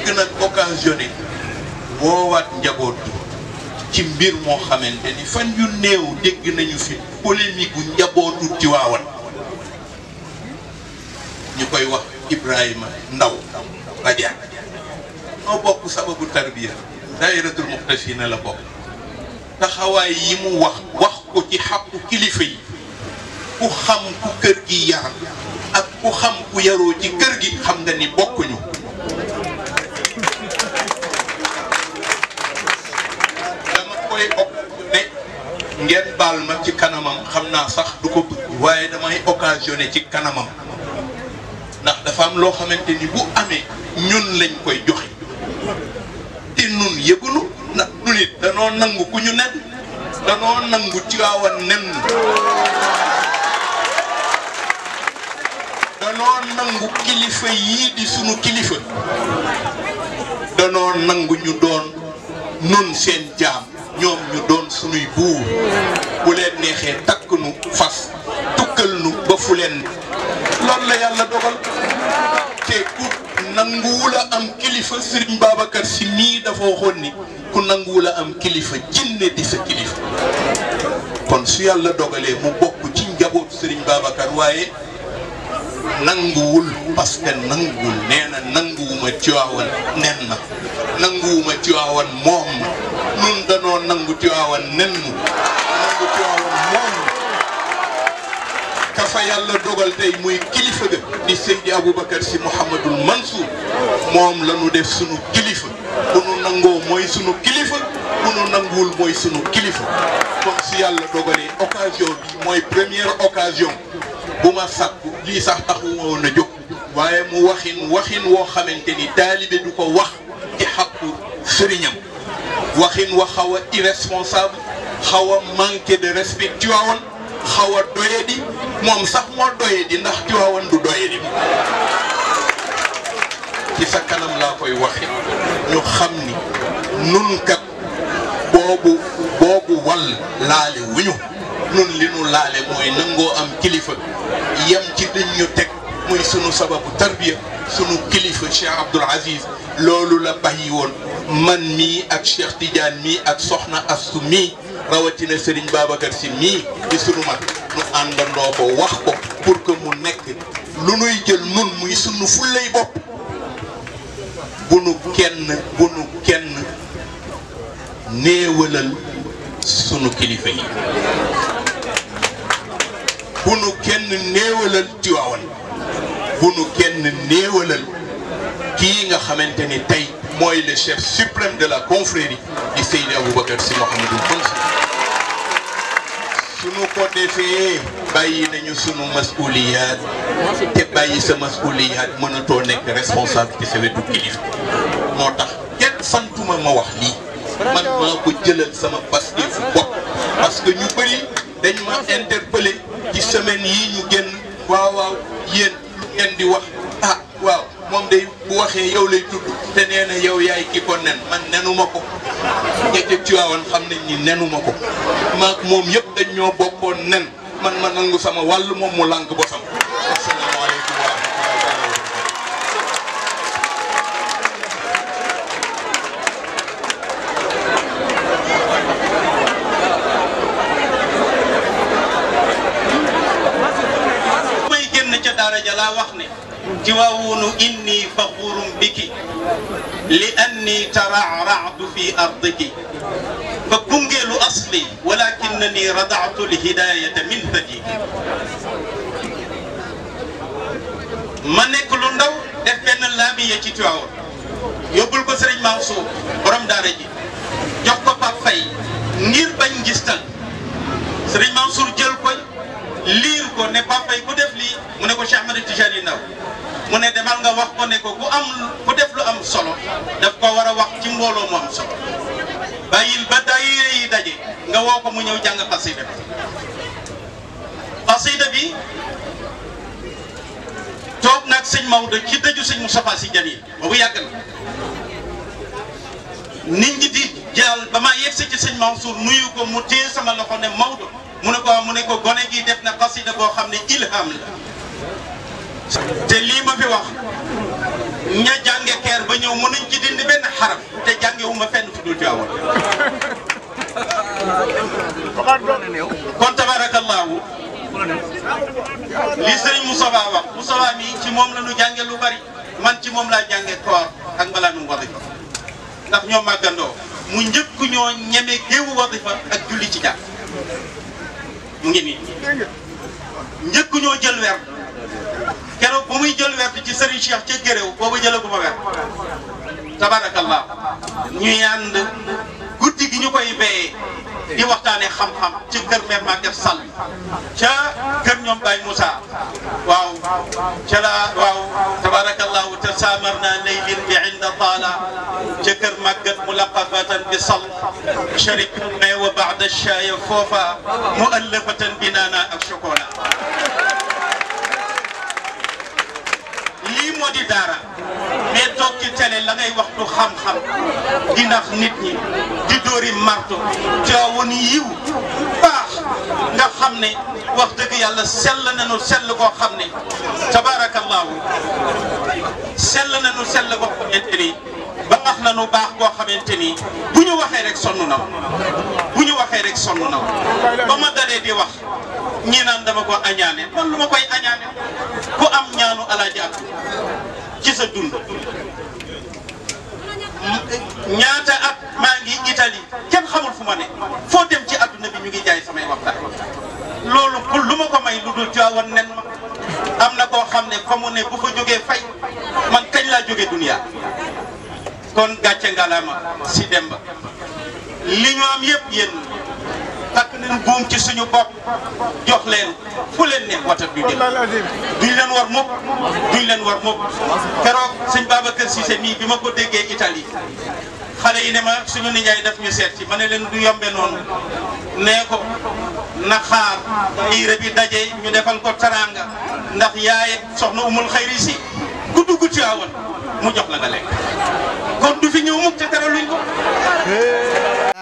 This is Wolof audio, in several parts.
bëgg nag occasionné woowaat njaboot ci mbir moo xamante ni fan yu néew dégg nañu fi polémique bu njabootu Tiwaawan ñu koy wax Ibrahima Ndaw Badiane noo bokk sababu tarbiya daayiratul muxtasina la bokk taxawaay yi mu wax wax ko ci xàqu kilifa yi ku xam ku kër gi yar ak ku xam ku yaroo ci kër gi xam nga ni bokkuñu ngeen baal ma ci kanamam xam naa sax du ko bëgg waaye damay occasionné ci kanamam ndax dafa am loo xamante ni bu amee ñun lañ koy joxe te nun yëgunu ndax du nit nangu ku ñu nen danoo nangu ci waaw a nen danoo nangu kilifa yii di sunu kilifa danoo nangu ñu doon nun seen jaam ñoom ñu doon sunuy buur bu leen neexee takk fas tukkal nu ba fu leen loolu la yàlla dogal te ku nanguwul a am kilifa sëriñ Babacar si nii dafa waxoon ku nanguwul a am kilifa jinne di sa kilifa kon su yàlla dogalee mu bokk ci njaboot sëriñ Babacar waaye nanguwul parce nanguwul nee nanguwuma Tiwaawan nen na nanguwuma Tiwaawan moom na ñun danoo nangu Tiwaawan nen mu nangu Tiwaawan moom ka fa yàlla dogal tey muy kilifa ga di Seydi Aboubacar si Mouhamadul Mansour moom la def sunu kilifa bu nu nangoo mooy sunu kilifa bu nu nanguwul mooy sunu kilifa kon su yàlla dogalee occasion bi mooy première occasion bu ma sàkku lii sax taxuma woon a jóg waaye mu waxin waxin woo xamante ni taalibe du ko wax ci xàqu sëriñam waxin wa xaw a irresponsable xaw a manqué de respect Tiwaawan xaw a doyadi moom sax moo doyadi ndax Tiwaawan du doyadi ci sa kanam laa koy waxe ñu xam ni nun kat boobu boobu wàll laale wuñu nun li nu laale mooy nangoo am kilifa yem ci liñ ñu teg muy sunu sababu tarbiya sunu kilifa Cheikh abdul Aziz lolou la bàyyi won man mi ak Cheikh Tidiane mi ak Soxna Astu mii rawatina Serigne Babacar Sy mi di sunu mag nu andando ko wax ko pour que mu nekk lu nuy jël nun muy sunu fulay bop bu nu kenn bu nu kenn néewalal sunu kilifa yi bu nu kenn néewalal Tiwaawan bunu kenn néewalal kii nga xamante ni tey mooy le chef suprême de la confrérie di Seydi Aboubacar Sy Mouhamadou Mansour sunu ko defee bàyyi nañu sunu masuliyaat te bàyyi sa masuliyaat mënatoo nekk responsable ci sa wetu kilif moo tax kenn santuma ma wax lii man maa ko jëlal sama pasteefu bopp parce que ñu bëri dañ ma interpellé ci semaine yi ñu génn waaw waaw yéen ngeen di wax ah waaw moom day bu waxee yow lay tudd te nee na yow yaay ki ko nen man nenu ko ña ci Tiwaawan xam nañ ni nenu ko maak moom yëpp dañ ñoo bokkoon nen man ma nangu sama wàll moom mu lànk bosam وخني جواون إني فخور بك لأني ترعرعت في أرضك فكنجل أصلي ولكنني رضعت الهداية من فديك من يكون داو دفن اللامي يتيتو عور يقول كسر المعصو برم دارجي جوكو بفاي نير بانجستان سري مانصور جيل كوي liir ko ne papa ku def lii mu ne ko ma Ahmed Tidiane yi naw mu ne demal nga wax ko ne ko ku am ku def lu am solo daf ko war a wax ci mbooloo mu am solo bàyyil ba daayira yi daje nga woo ko mu ñëw jàng xasida bi xasida bi toog nag sëñ Maodo ci dëju sëñ Moustapha Sy Djamil boobu yàgg na nit ñi di jàll ba ma yegsi ci sëñ Mansour nuyu ko mu téye sama loxo ne Maodo mu ne ko mu ne ko gone gi def na xasida boo xam ne ilham la te lii ma fi wax ña jànge keer ba ñëw mënuñ ci dindi benn xaraf te jànge ma fenn fu dul Tiwaawan kon tabaarakallaahu li sëriñ Moustapha wax Moustapha mi ci moom la jànge lu bari man ci moom laa jànge koor ak mbalaanum wadifa ndax ñoo màggandoo mu njëkk ñoo ñeme géewu wadifa ak julli ci jàkk mu ngi nii njëkk ñoo jël weer keroog ba muy jël weer ci Serigne Cheikh ca Géréw booba jëlee ko ma weer tabarakallah ñuy ànd guddi gi ñu koy béyee di waxtaane xam-xam ci kër mère Maguette Sall ca kër ñoom Baye Moussa waaw ca la waaw tabarakallahu tasamarna laylin bi inda taala ذكر مقت ملقفة بصل شريك وبعد الشاي فوفا مؤلفة بنانا الشكورة لي مودي دارا مي توكي تالي لا غاي وقتو خام خام دي ناخ نيت ني دي دوري مارتو تاوني يو باخ nga xamne wax deug yalla sel nañu sel ko xamne tabarakallah sel nañu nañu baax ko xamanteni buñu bu rek sonu na buñu ñu rek sonu na ba ma dalee di wax ñi naan dama ko man lu koy añaane ku am ñaanu alaaji ak ci sa dund ñaata at maa ngi Italie kenn xamul fu ma ne foo dem ci aduna bi ñu ngi jaay samay waxta lolu ku luma ko may luddul ci awon nen ma am na ne bu ko fay man kañ la jógee dunya kon gàcce ngalama si demba li ñu am yëpp yéen takk nañ buum ci suñu bopp jox leen fu leen ne wata du dem duñ leen war mukk duñ leen war mukk keroog sëñ Babacar Cissé mii bi ma ko déggee Italie xale yi ne ma suñu nijaay daf ñu seet ci ma ne leen du yombe noonu nee ko na xaar diire bi daje ñu defal ko teraanga ndax yaaye soxna umul xayri si ku dugg ci awoon mu jox la nga lekk du fi ñëw mukk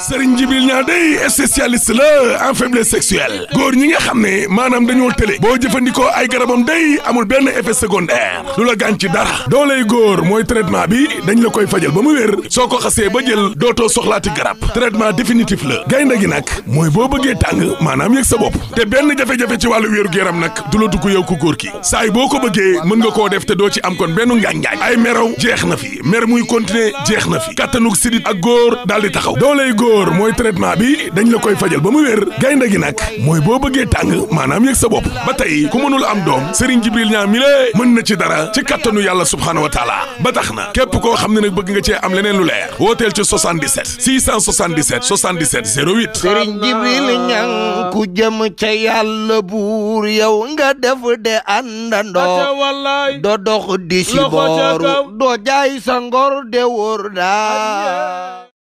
Serigne Djibril ñaa day spécialiste la en faiblesse sexuelle góor ñi nga xam ne maanaam dañoo tële boo jëfandikoo ay garabam day amul benn effet secondaire lu la gaañ ci dara yu góor mooy traitement bi dañ la koy fajal ba mu wér soo ko xasee ba jël dootoo soxlaati garab traitement définitif la gaynde gi nag mooy boo bëggee tàng maanaam yëg sa bopp te benn jafe-jafe ci wàllu wéeru yaram nag du la dugg yow ku góor ki saay boo ko bëggee mën nga koo def te doo ci am kon benn ngaañ-ngaañ ay meraw jeex na fi mer muy continuer jeex na fi kattanug sidit ak góor daal di taxaw dooley góor wóor moy traitement bi dañ la koy fajal ba mu wer gaynde gi nak moy bo beugé tang manam yek sa bop ba tay ku mënul am dom Serigne Jibril ñaa mi mën na ci dara ci katanu yalla subhanahu wa taala ba taxna na képp koo xam ne bëgg nga ci am leneen lu leer wooteel ci 77 677 77 08 Serigne Jibril ñang ku jëm ci yalla bur yow nga def de andando do dox di ci bor do jaay sangor de wóor daa